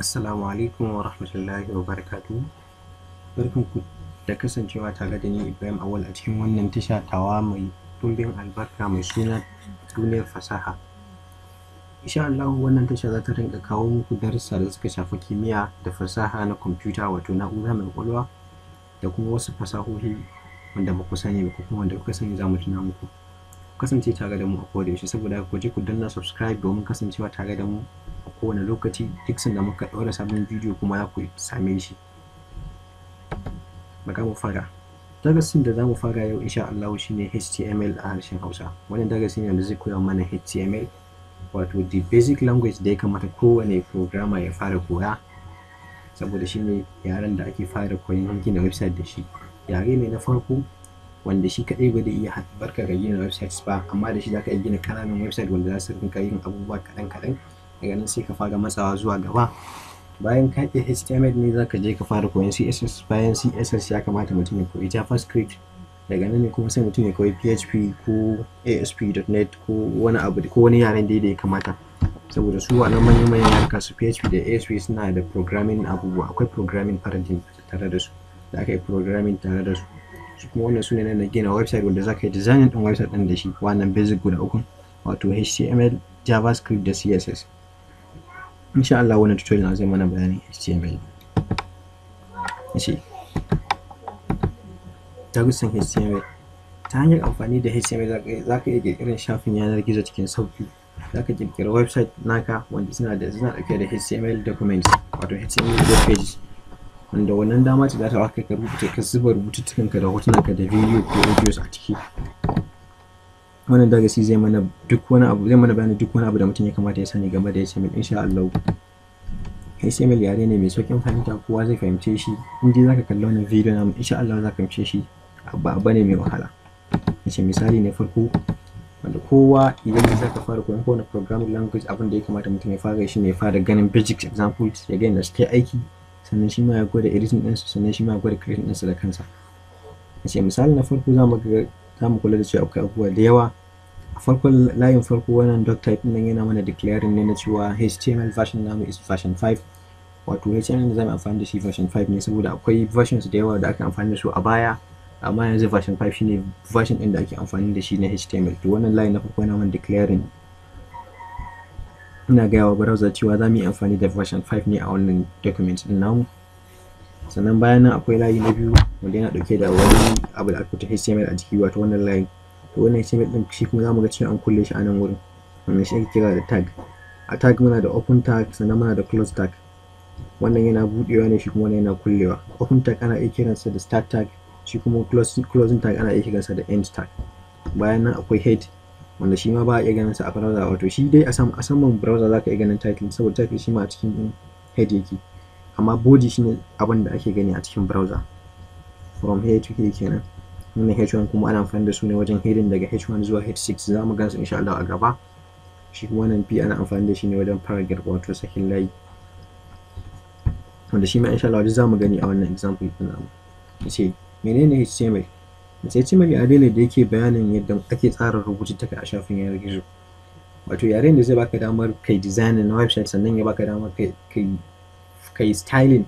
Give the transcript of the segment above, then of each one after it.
Assalamu alaikum wa rahmatullahi wa barakatu. ku da kasancewa tare da ni Ibrahim Awal a cikin wannan tasha tawa mai ɗumbin albarka mai suna duniyar fasaha. Insha Allah wannan tasha za ta rinka kawo muku darussa da suka shafi kimiyya da fasaha na kwamfuta wato na'ura mai kwalwa da kuma wasu fasahohi wanda ba sani ba kuma wanda kuka sani za mu tuna muku. Kasance tare da mu a kodayaushe saboda ku je ku danna subscribe domin kasancewa tare da mu kowane lokaci duk da muka ɗora sabon bidiyo kuma za ku same shi bari mu fara darasin da za mu fara yau insha Allah ne HTML a harshen Hausa wannan darasi ne da zai koya mana HTML wato the basic language da ya kamata kowane programmer ya fara koya saboda shi ne yaren da ake fara koyon gina website da shi yare ne na farko wanda shi kaɗai ba da iya barka ga gina websites ba amma da shi ka iya gina kananan website wanda za su rinka yin abubuwa kaɗan kaɗan daga nan sai ka fara matsawa zuwa gaba bayan ka yi html ne za ka je ka fara koyon css bayan css ya kamata mutum ya koyi javascript daga nan ne kuma sai mutum ya koyi php ko asp.net ko wani abu ko wani yaren da ya kamata saboda su nan manyan manyan harka su php da asp suna da programming abubuwa akwai programming paradigm tare da su da aka yi programming tare da su su kuma wannan su ne na gina website wanda za ka yi designing ɗin website ɗin da shi wannan basic guda uku wato html javascript da css insha Allah wannan tutorial na zai mana bayani HTML HTML ta hanyar amfani da HTML za ka iya ƙirƙirar shafin yanar gizo cikin sauƙi za ka ƙirƙiri website naka wanda suna da suna ɗauke da HTML documents wato HTML web pages wanda wannan dama ce za ta baka ka rubuta ka zuba rubututtukanka da hotunanka da video ko videos a ciki wannan darasi zai mana duk wani abu zai mana bayani duk wani abu da mutum ya kamata ya sani game da HTML insha Allah HTML yare ne mai saukin fahimta kowa zai fahimce shi in dai zaka kalli wannan video na insha Allah zaka fahimce shi ba bane mai wahala Mace misali ne farko wanda kowa idan ya zaka fara koyon kowane programming language abin da ya kamata mutum ya fara shi ne ya fara ganin basic examples ya gani da suke aiki sannan shi ma ya gwada editing ɗinsu sannan shi ma ya gwada creating ɗinsu da kansa Mace misali na farko zamu za mu kula da cewa akwai abubuwa da yawa farkon layin farko wannan doc type nan yana mana declaring ne na cewa html version namu is version 5 wato html da zamu amfani da shi version 5 ne saboda akwai versions da yawa da aka amfani da su a baya amma yanzu version 5 shine version din da ake amfani da shi na html to wannan line na farko yana mana declaring ina gaya wa browser cewa za mu yi amfani da version 5 ne a wannan document din namu sannan bayan nan akwai layi na biyu wanda yana dauke da wani abu da aka html a jiki wato wannan line to wannan HTML din shi kuma zamu ga cewa an kulle shi a nan wurin wannan shi ake kira da tag a tag muna da open tag sannan muna da close tag wannan yana budewa ne shi kuma wannan yana kullewa open tag ana iya kiransa da start tag shi kuma closing tag ana iya kiransa da end tag bayan nan akwai head wanda shi ma ba a iya ganin sa a browser wato shi dai a saman browser za ka iya ganin title saboda title shi ma a cikin head yake amma body shine abin da ake gani a cikin browser from head to head kenan wannan h1 kuma ana amfani da su ne wajen heading daga h1 zuwa h6 za mu gansu insha Allah a gaba shi wannan p ana amfani da shi ne wajen paragraph wato sakin layi wanda shi ma insha Allah za mu gani a wannan example din namu sai menene html sai html a dole da yake bayanin yadda ake tsara rubututtuka a shafin yanar gizo wato yaren da zai baka damar kai design na website sannan ya baka damar kai kai styling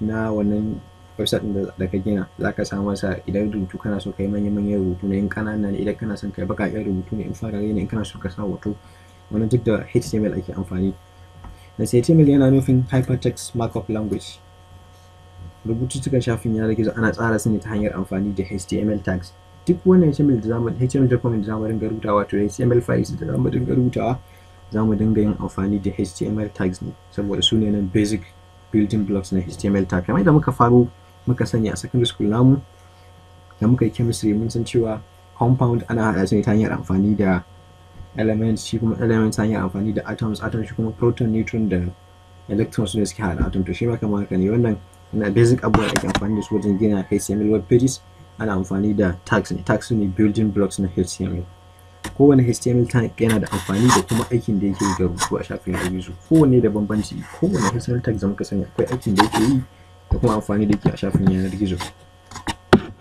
na wannan website ɗin da ka gina za ka samu masa idan rubutu kana so kai manyan manyan rubutu ne in kana nan idan kana son kai baka baƙaƙen rubutu ne in fara ne in kana so ka sa hoto wani duk da html ake amfani da html yana nufin hypertext markup language rubutu suka shafin yanar gizo ana tsara su ne ta hanyar amfani da html tags duk wannan html da zamu html document da zamu dinga rubutawa to html files da zamu dinga rubutawa zamu dinga yin amfani da html tags ne saboda su ne nan basic building blocks na html tag kamar da muka faru. muka sani a secondary school namu da muka yi chemistry mun san cewa compound ana hada su ne ta hanyar amfani da elements shi kuma elements ta hanyar amfani da atoms atoms shi kuma proton neutron da electrons ne suke haɗa atom to shi ma kamar haka ne wannan na basic da ake amfani da su wajen gina HTML web pages ana amfani da tags ne tags ne building blocks na HTML kowane HTML tag yana da amfani da kuma aikin da yake yi ga rubutu a shafin yanar gizo kowanne da bambanci kowane HTML tag zama ka sani akwai aikin da yake yi ko kuma amfani da ke a shafin yanar gizo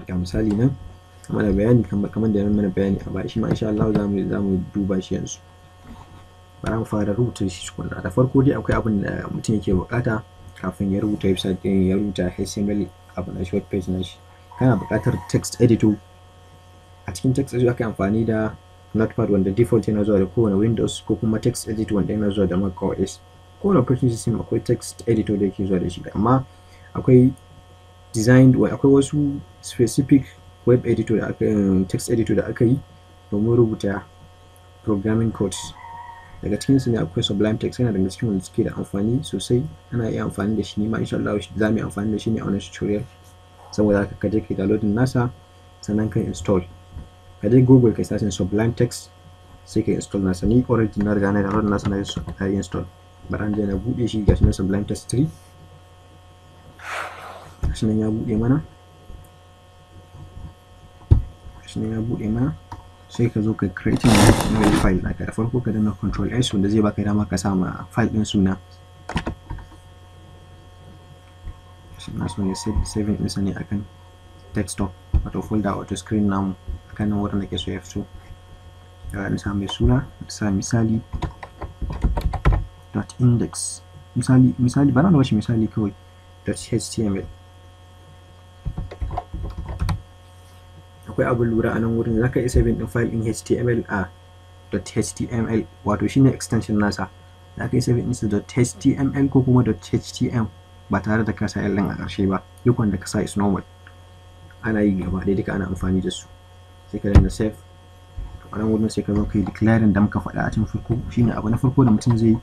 ga misali nan mana bayani kamar da mana bayani a baya shi ma insha Allah za mu za duba shi yanzu bara mu fara rubuta shi tukunna da farko dai akwai abin da mutum yake bukata kafin ya rubuta website din ya rubuta HTML abu na short page na shi kana bukatar text editor a cikin text editor aka amfani da notepad wanda default yana zuwa da kowane windows ko kuma text editor wanda yana zuwa da mac os kowane operating system akwai text editor da yake zuwa da shi amma akwai designed akwai wasu specific web editor da aka um, text editor da aka yi domin rubuta programming codes daga cikin su ne akwai sublime text yana daga cikin wanda suke da amfani sosai ana iya amfani da shi ne ma insha Allah za mu yi amfani da shi ne a wannan tutorial saboda haka ka je ka downloading nasa sannan ka install ka je google ka sashin sublime text sai ka install nasa ni already na riga na download nasa na install bari an je na bude shi ga sunan sublime text 3 gashinan ya bude mana gashinan ya bude mana sai ka zo ka creating new file naka da farko ka danna control s wanda zai baka dama ka sa ma file din suna na so ne saving ɗinsa ne akan desktop wato folder wato screen namu akan nan wurin da ke so ya fito ya na sa mai suna sa misali dot index misali misali bana da wasu misali kawai dot html akwai abin lura a nan wurin za ka isa saving din file in html a .html wato shine extension nasa za ka yi din su .html ko kuma .htm ba tare da kasa sa a ƙarshe ba duk wanda ka sa is normal ana yi gaba dai duka ana amfani da su sai ka danna save to a nan wurin sai ka zo ka declaring da muka faɗa a cikin farko shine abu na farko da mutum zai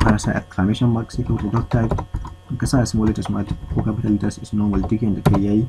fara sa exclamation mark sai ka wuce dot type ka sa small letters ma ko capital letters is normal duk yanda kai yayi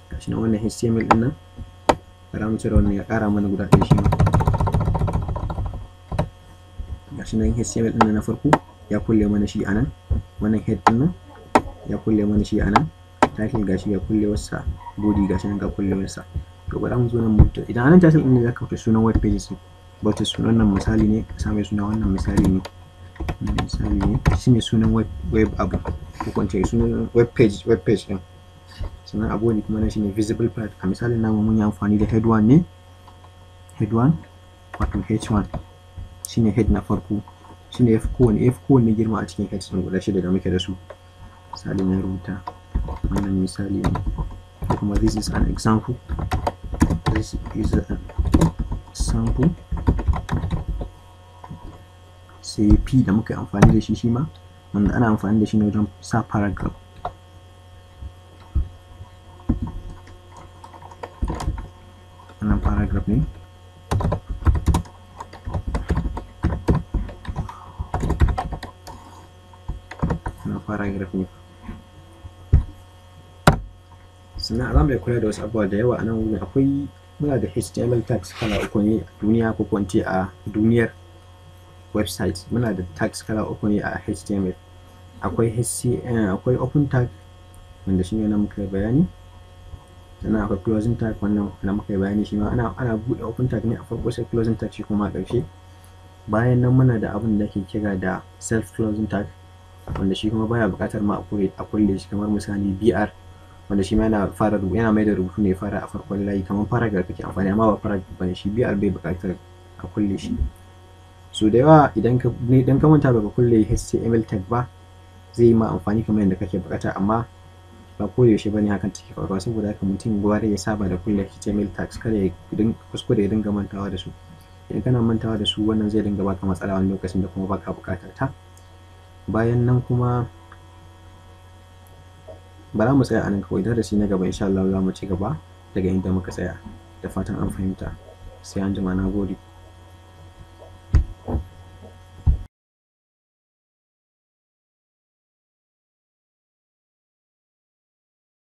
gashi wannan html din nan bara mu cire wannan ya ƙara mana guda ɗaya shi ma gashi nan html din nan na farko ya kulle mana shi anan wannan head din nan ya kulle mana shi anan title gashi ya kulle wasa body gashi nan ga kulle wasa to bari mu zo nan mu idan anan title din ne zaka fita sunan web pages wato sunan nan misali ne ka same suna wannan misali ne misali ne shine sunan web web abu ko kwance sunan web page web page din sannan abu wani kuma na shi ne visible part a misalin namun mun yi amfani da head 1 ne head 1 wato h1 shine head na farko shine f kowane f kowane girma a cikin head sun guda shida da muke da su misali na rubuta wannan misali ne kuma this is an example this is an example sai p da muka amfani da shi shi ma wanda ana amfani da shi ne wajen sa paragraph na paragraf din na sannan za mu kula da wasu abubuwa da yawa a nan wurin akwai muna da html tags kala uku ne a duniya ko kwanci a duniyar website muna da tags kala uku ne a html akwai hcn eh, akwai open tag wanda shine na muka bayani Ana akwai closing tag wannan na muka yi bayani shi ma ana ana buɗe open tag ne a farko sai closing tag shi kuma a ƙarshe bayan nan muna da abin da ke kira da self closing tag wanda shi kuma baya buƙatar ma a kulle shi kamar misali br wanda shi ma yana fara yana mai da rubutu ne fara a farkon layi kamar paragraph kake amfani amma ba paragraph bane shi br bai buƙatar a kulle shi so da yawa idan ka idan ka manta ka kulle html tag ba zai yi ma amfani kamar yadda kake buƙata amma ba ko yaushe bane hakan take faruwa saboda haka mutum gware ya saba da kulle html tags kada ya kuskure ya dinga mantawa da su idan kana mantawa da su wannan zai dinga baka matsala wani lokacin da kuma baka bukatar ta bayan nan kuma ba za mu tsaya a nan kawai shi na gaba insha Allah za mu ci gaba daga inda muka tsaya da fatan an fahimta sai an jima na gode